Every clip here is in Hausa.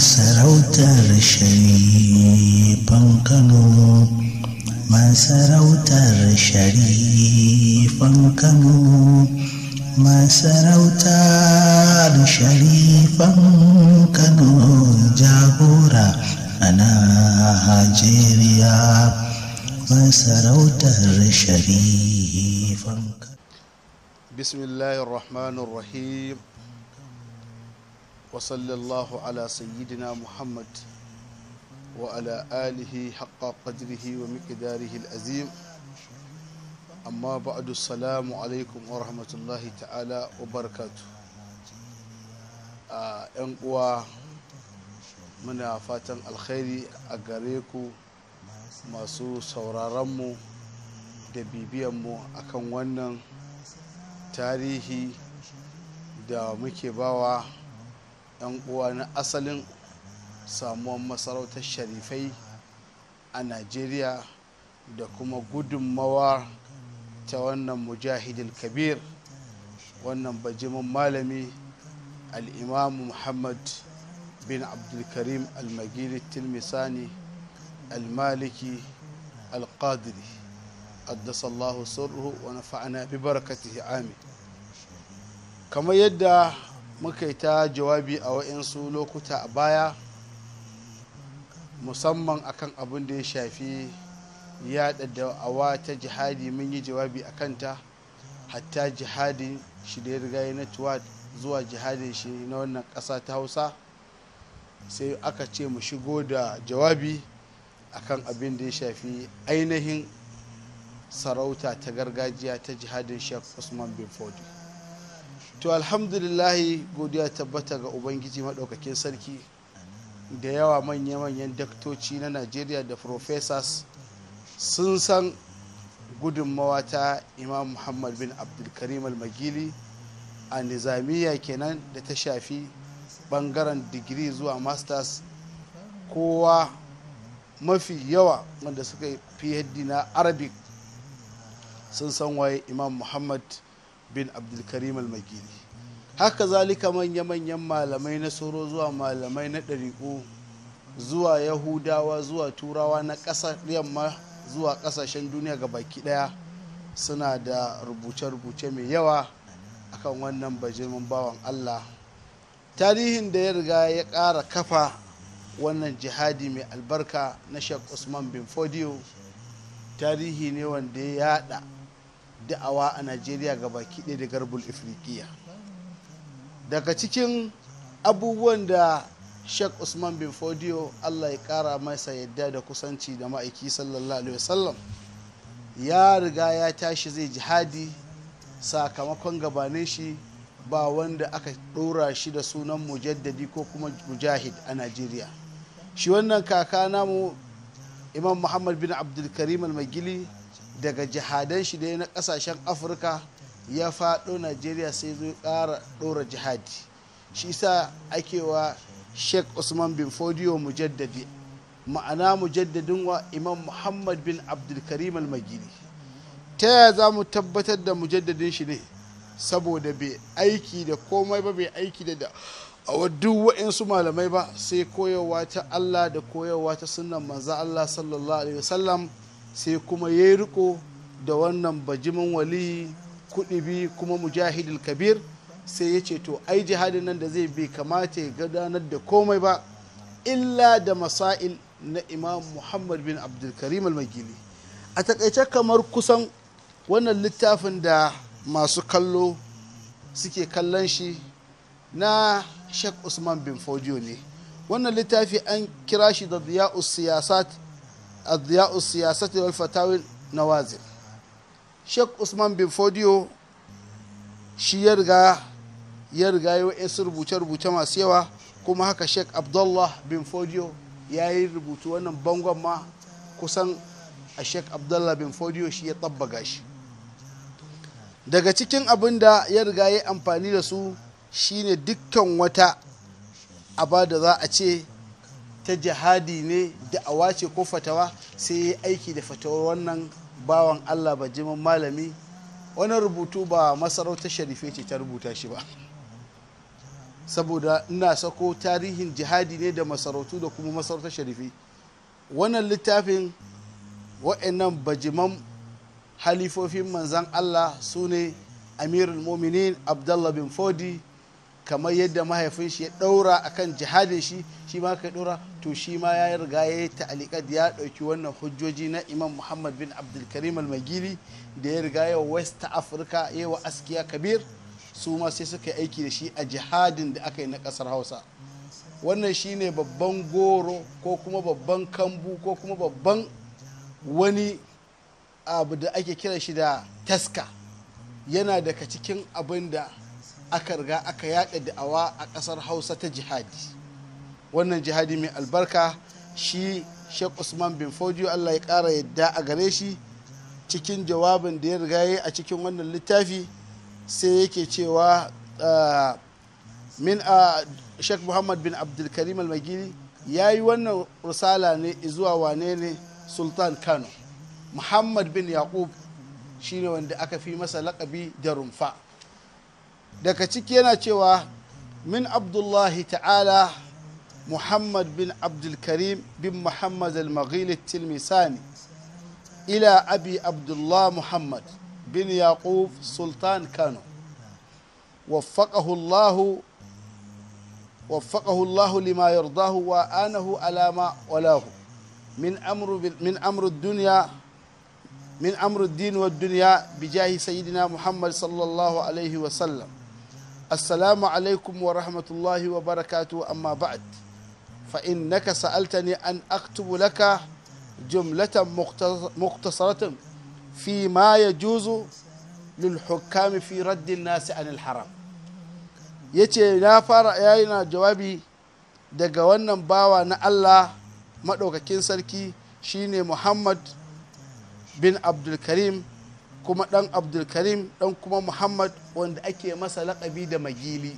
sarautar sharifan Kano masarautar sharifan Kano masarautar sharifan Kano jagora a Najeriya masarautar sharifan Kano Bismillahirrahmanirrahim wa sallallahu ala sayyidina muhammad wa ala alihi haƙa ƙadirhi wa miƙi darihi al’azim amma ba'adu salamu alaikum wa rahmatullahi ta'ala wa barkatu a ɗan ƙuwa muna fatan alkhairi a gare ku masu sauraronmu da bibiyanmu a kan wannan tarihi da muke bawa 'yan uwa na asalin samuwan masarautar sharifai a najeriya da kuma gudunmawa ta wannan mujahidin kabir wannan bajimin malami al'imamu muhammad bin abdulkarim almagiri tilmisani almaliki alqadiri addasallahu sirruhu wa nafa'ana bi barakatihi amin kamar yadda muka yi ta jawabi a wa'insu lokuta a baya musamman akan abin da ya shafi yada da'awa ta jihadi mun yi jawabi a kanta hatta jihadin shi da ya riga ya natuwa zuwa jihadin shi na wannan ƙasa ta hausa sai aka ce mu shigo da jawabi akan abin da ya shafi ainihin sarauta ta gargajiya ta jihadin shek usman bin fodi to alhamdulillahi godiya tabbata ga ubangiji maɗaukakin sarki da yawa manya-manyan daktoci na najeriya da professors sun san gudunmawa ta imam muhammad bin abdulkarim al magili a nizamiya kenan da ta shafi bangaren digiri zuwa masters kowa mafi yawa wanda suka phd na arabic sun san waye imam muhammad bin abdulkarim al-makili haka zalika manya-manyan malamai na soro zuwa malamai na ɗariƙo zuwa yahudawa zuwa turawa na ƙasar yamma zuwa ƙasashen duniya ga baki ɗaya suna da rubuce-rubuce mai yawa akan wannan bajimin bawan allah tarihin da ya riga ya ƙara kafa wannan jihadi mai albarka na sheikh usman bin fodio tarihi ne wanda ya yada da'awa a najeriya ga baki ɗaya da garbul ifriqiya daga cikin abubuwan da sheikh usman bin fodiyo allah ya kara masa yadda da kusanci da ma'aiki sallallahu alaihi wasallam ya riga ya tashi zai jihadi sakamakon gabanin shi ba wanda aka ɗora shi da sunan mujaddadi ko kuma mujahid a najeriya shi wannan kaka namu imam muhammad bin abdulkarim almagili daga jihadan shi dai na kasashen afirka ya faɗo najeriya sai zo ƙara ɗora jihadi shi sa akewa sheikh usman bin fodiyo mujaddadi ma'ana mujaddadin wa imam muhammad bin abdulkarim almagini ta yaya za mu tabbatar da mujaddadin shi ne saboda bai aiki da komai ba bai aiki da da a duk wa'insu malamai ba sai koyarwa ta allah da koyarwa ta sunan manza allah sallallahu alaihi wasallam sai kuma ya yi riko da wannan bajimin wali biyu kuma mujahidil kabir sai ya ce to ai jihadin nan da zai bai kamata ya gadanar da komai ba illa da masail na imam muhammad bin abdulkarim al-magili a takaice kamar kusan wannan littafin da masu kallo suke kallon shi na sheikh usman bin fodiyo ne wannan littafi an kira shi da ziya'us siyasat adiya'u siyasati wal fatawi nawazil sheikh usman bin fodiyo shi ya riga ya riga rubuce-rubuce masu yawa kuma haka sheikh abdullah bin fodiyo ya yi rubutu wannan bangon ma kusan a sheikh abdullah bin fodiyo shi ya tabbaga shi daga cikin abin da ya riga ya amfani da su shine dukkan wata aba da za a ce ta jihadi ne da awace ko fatawa sai ya aiki da fatawar wannan bawan allah bajiman malami wani rubutu ba masarautar sharife ce ta rubuta shi ba saboda ina sako tarihin jihadi ne da masarautu da kuma masarautar sharife wannan littafin wa'annan bajiman halifofin manzan allah su ne amirul mominin abdullah bin fodi kamar yadda mahaifin shi ya ɗaura akan jihadin shi shi ma ka ɗaura to shi ma ya riga ya yi ta'alikat ya ɗauki wannan hujjoji na imam muhammad bin abdulkarim almagili da ya riga ya west africa ya wa askiya kabir su ma sai suka yi aiki da shi a jihadin da aka yi na kasar hausa wannan shi ne babban goro ko kuma babban kambu ko kuma babban wani abu da ake kira shi da taska yana daga cikin abin da aka riga aka yaɗa da'awa a ƙasar hausa ta jihadi wannan jihadi mai albarka shi sheikh usman bin fodio allah ya kara yadda a gare shi cikin jawabin da ya riga yi a cikin wannan littafi sai yake cewa ah, min a ah, sheikh muhammad bin abdulkarim almagiri ya yi wannan rusala ne zuwa wane ne sultan kano muhammad bin yaqub shine wanda aka fi masa lakabi da rumfa daga ciki yana cewa min abdullahi ta'ala muhammad bin abdulkarim bin muhammad al-maghili tilmisani ila abi abdullah muhammad bin yaqub sultan kano وفقه الله وفقه الله لما يرضاه وآنه على ما ولاه من أمر من أمر الدنيا من أمر الدين والدنيا بجاه سيدنا محمد صلى الله عليه وسلم assalamu alaikum wa rahmatullahi wa barakatu amma ba'ad fa innaka sa'altani an aktubu laka jumlatan muktasaratin fi ma juzu lil hukami fi raddin nasi anil haram yace na fara yi na jawabi daga wannan bawa na Allah maɗaukakin sarki shine Muhammad bin Abdulkarim kuma ɗan abdulkarim ɗan kuma muhammad wanda ake masa laƙabi da magili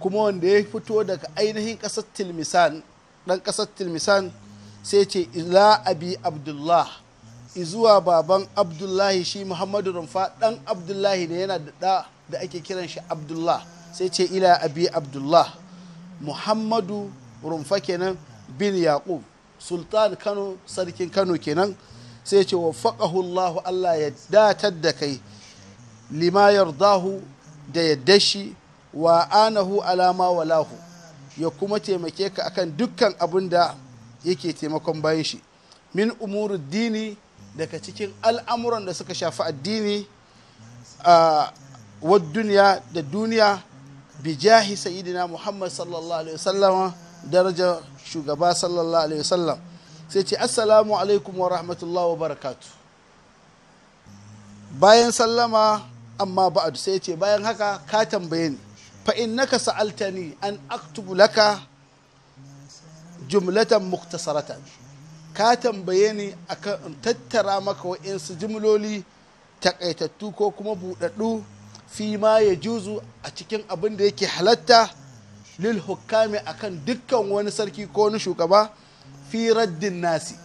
kuma wanda ya fito daga ainihin ƙasar tilmisan ɗan ƙasar tilmisan sai ce ila abi abdullah izuwa baban abdullahi shi muhammadu rumfa ɗan abdullahi ne yana da ɗa da ake kiran shi abdullah sai ce ila abi abdullah muhammadu rumfa kenan bin yaqub sultan kano sarkin kano kenan sai ce wa faƙahu Allah Allah ya datar da kai lima yardahu da yadda shi wa anahu alama walahu ya kuma taimake ka akan dukkan abin da yake taimakon bayan shi min umuru dini daga cikin al'amuran da suka shafi addini a wa duniya da duniya bi jahi sayidina muhammad sallallahu alaihi wasallama darajar shugaba sallallahu alaihi wasallam sai ce assalamu alaikum wa rahmatullahi wa barakatu bayan sallama amma ba'ad sai ce bayan haka ka tambaye ni fa innaka sa'altani an aktubu laka jumlatan muktasaratan ka tambaye ni akan tattara maka wa'insu jimloli takaitattu ko kuma buɗaɗɗu fi ma ya juzu a cikin abin da yake halatta lil hukami akan dukkan wani sarki ko wani shugaba fi raddin nasi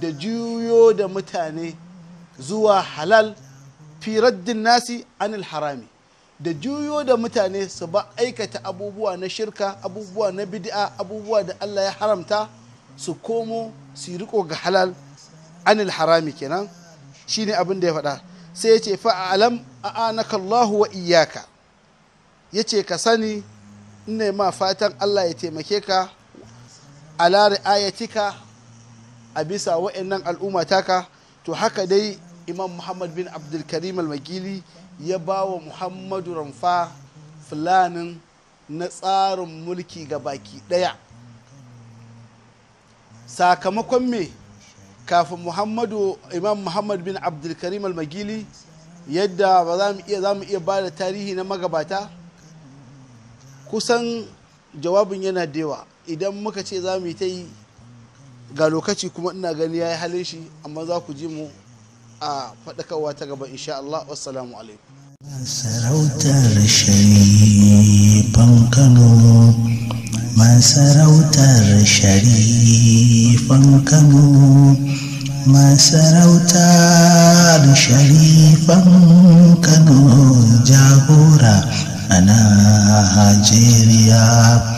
da juyo da mutane zuwa halal fi raddin nasi anil harami da juyo da mutane su ba aikata abubuwa na shirka abubuwa na bid'a abubuwa da Allah ya haramta su komo su riko ga halal anil harami kenan shine abin da ya faɗa sai ya ce fa'alam a Allah wa iyaka ya ce ka sani ina ma fatan Allah ya taimake ka ala ra'ayatika a bisa wa'annan al'umma taka to haka dai imam muhammad bin abdulkarim al-magili ya ba wa muhammadu ramfa fulanin na tsarin mulki ga baki ɗaya sakamakon me kafin muhammadu imam muhammad bin abdulkarim al-magili yadda ba iya za mu iya ba da tarihi na magabata kusan jawabin yana da yawa idan muka ce za mu yi ta yi ga lokaci kuma ina gani ya yi halin shi amma za ku ji mu a faɗakarwa ta gaba insha Allah wassalamu alaikum masarautar sharifan kano masarautar sharifan kano masarautar sharifan kano jagora أنا هاجيريا